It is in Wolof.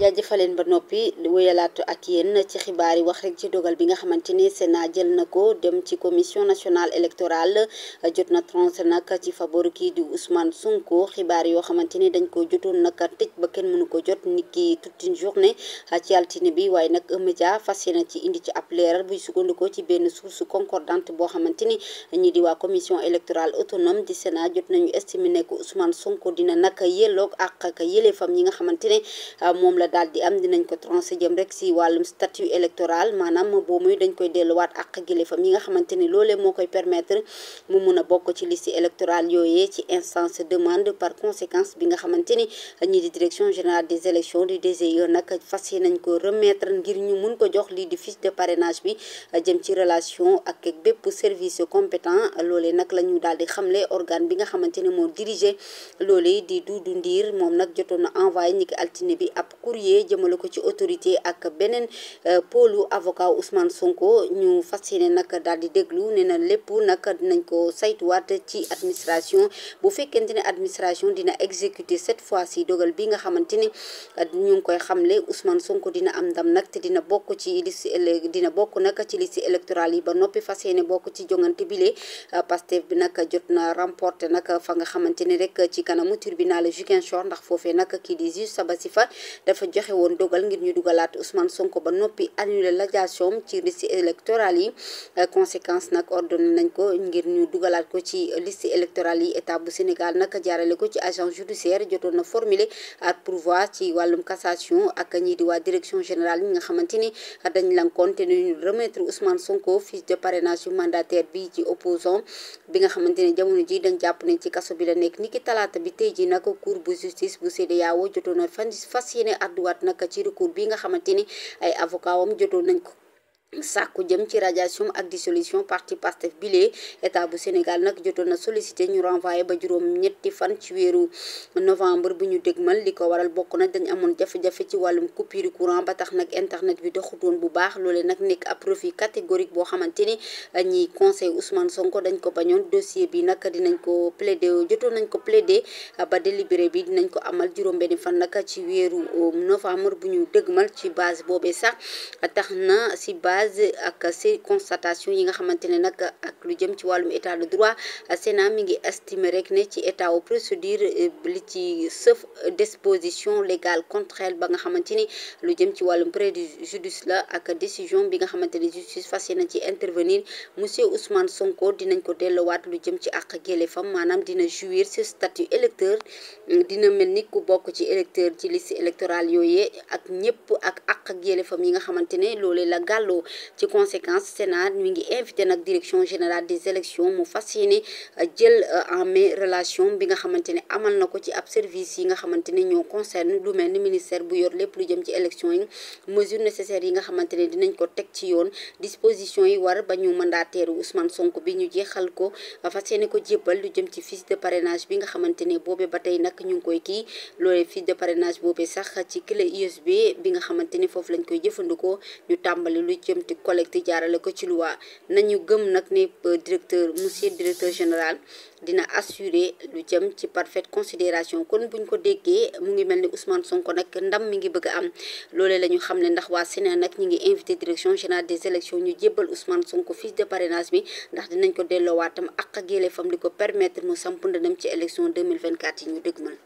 jaajëfaleen ba noppi wéyalaatu ak yéen ci xibaar yi wax rek ci dogal bi nga xamante ni Sénat jël na ko dem ci commission national électorale jot na tranché nag ci favori kii di Ousmane sunko xibaar yoo xamante ni dañ ko jotoon nag tëj ba kenn mënu ko jot nit ki toute une journée ci altine bi waaye nag média fas yéene ci indi ci ab leeral buy sukkandikoo ci benn source concordante boo xamante ni ñi di waa commission électorale autonome di Sénat jot nañu estimé ne ko Ousmane Sonko dina nag yelloog ak ak yëleefam ñi nga xamante ne moom la daal di am dinañ ko tranché jëm rek si wàllum statut électoral maanaam boo muy dañ koy delluwaat ak gilifam yi nga xamante ni loolee moo koy permettre mu mun a bokk ci liste électorale yooyee par conséquence bi nga xamante ni ñi di direction générale des élections du DGE nag fas yi nañ ko remetre ngir ñu mun ko jox lii di fiche de parrainage bi jëm ci relation ak bépp service compétent loole nag la ñu daal di xamle organe bi nga xamante ni moo dirigé loolee di Doudou Ndir moom nag jotoon na envoyé ñi altine bi ab courrier jëmale ko ci autorité ak beneen euh, pôlu avocat Ousmane Sonko ñu fas yéene nag daal di déglu nee na lépp nag dinañ ko saytuwaat ci administration bu fekkente ne administration dina exécuter cette fois si dogal bi nga xamante ni euh, ñu ngi koy xamle Ousmane Sonko dina am ndam nag te dina bokk ci liste dina bokk nag ci liste électorale yi ba noppi fas yéene bokk ci jongante bile euh, Pastef bi nag jot na remporté nag fa nga xamante ni rek ci kanamu tribunal Ziguinchor ndax foofee nag kii di juge Sabassi Faye dafa joxe woon dogal ngir ñu dugalaat Ousmane Sonko ba noppi annulé radiation ci liste électorale yi euh, conséquence nag ordonné nañ ko ngir ñu dugalaat ko ci liste électorale yi état bu Sénégal nag jaarale ko ci agent judiciaire jotoon na formulé ak pourvoi ci wàllum cassation ak ñii di waa direction général yi nga xamante ni dañ lankoon te ñu remettre Ousmane Sonko fiche de parrainage yu mandataire bi ci opposant bi nga xamante ne jamono ji dañ jàpp ne ci kaso bi la nekk niki talaata àdduwaat nag ci recours bi nga xamante ni ay avocat wam jotoon nañ ko sàkku jëm ci radiation ak dissolution parti Pastef bile état bu Sénégal nag jotoon na solicité ñu renvoyé ba juróom ñetti fan ci weeru novembre bi ñu dégmal li ko waral bokk na dañ amoon jafe-jafe ci wàllum coupure courant ba tax nag internet bi doxutoon bu baax loolee nag nekk ab refus catégorique boo xamante ni ñi conseil Ousmane Sonko dañ ko bañoon dossier bi nag dinañ ko plaider jotoon nañ ko plaider ba délibéré bi dinañ ko amal juróom benn fan nag ci weeru novembre bu ñu dégmal ci base boobee sax base ak ses constatations yi nga xamante ne nag ak lu jëm ci wàllum état de droit Sénat mi ngi estimer rek ne ci état wu procédure euh, li ci sauf disposition légale contraire ba nga xamante ni lu jëm ci wàllum préjudice la ak décision bi nga xamante ni justice fas yéene ci intervenir monsieur Ousmane Sonko dinañ ko delluwaat lu jëm ci àq fam maanaam dina jouir ce statut électeur dina mel ni ku bokk ci électeur ci liste électorale yooyee ak ñëpp ak àq géléfam yi nga xamante ne loolee la gàlloo ci conséquence Sénat mu ngi invité nag direction générale des élections mu fas yéene euh, jël euh, en mai relation bi nga xamante ne amal na ko ci ab service yi nga xamante ne ñoo concerne lu mel ni ministère bu yor lépp lu jëm ci élection yi mesures nécessaires yi nga xamante ne dinañ ko teg ci yoon disposition yi war ba ñu mandataire Ousmane Sonko bi ñu jeexal ko euh, fas yéene ko jébbal lu jëm ci fiche de parrainage bi nga xamante ne boobee ba tey nag ñu ngi koy kii loolee fiche de parrainage boobee sax ci clé USB bi nga xamante ne foofu lañ koy jëfandikoo ñu tàmbali di collecte jaarale ko ci loi nañu gëm nag ni euh, directeur monsieur directeur général dina assurer lu jëm ci parfaite considération kon buñ ko déggee mu ngi mel ni Ousmane Sonko nag ndam mi ngi bëgg am loole la ñu xam ne ndax waa Sénat nag ñi ngi invité direction générale des élections ñu jébbal Ousmane Sonko fiche de parrainage bi ndax dinañ ko delloowaat tam ak ak yelleefam di ko permettre mu samp ndëndam ci élection 2024 yi ñu dëgmal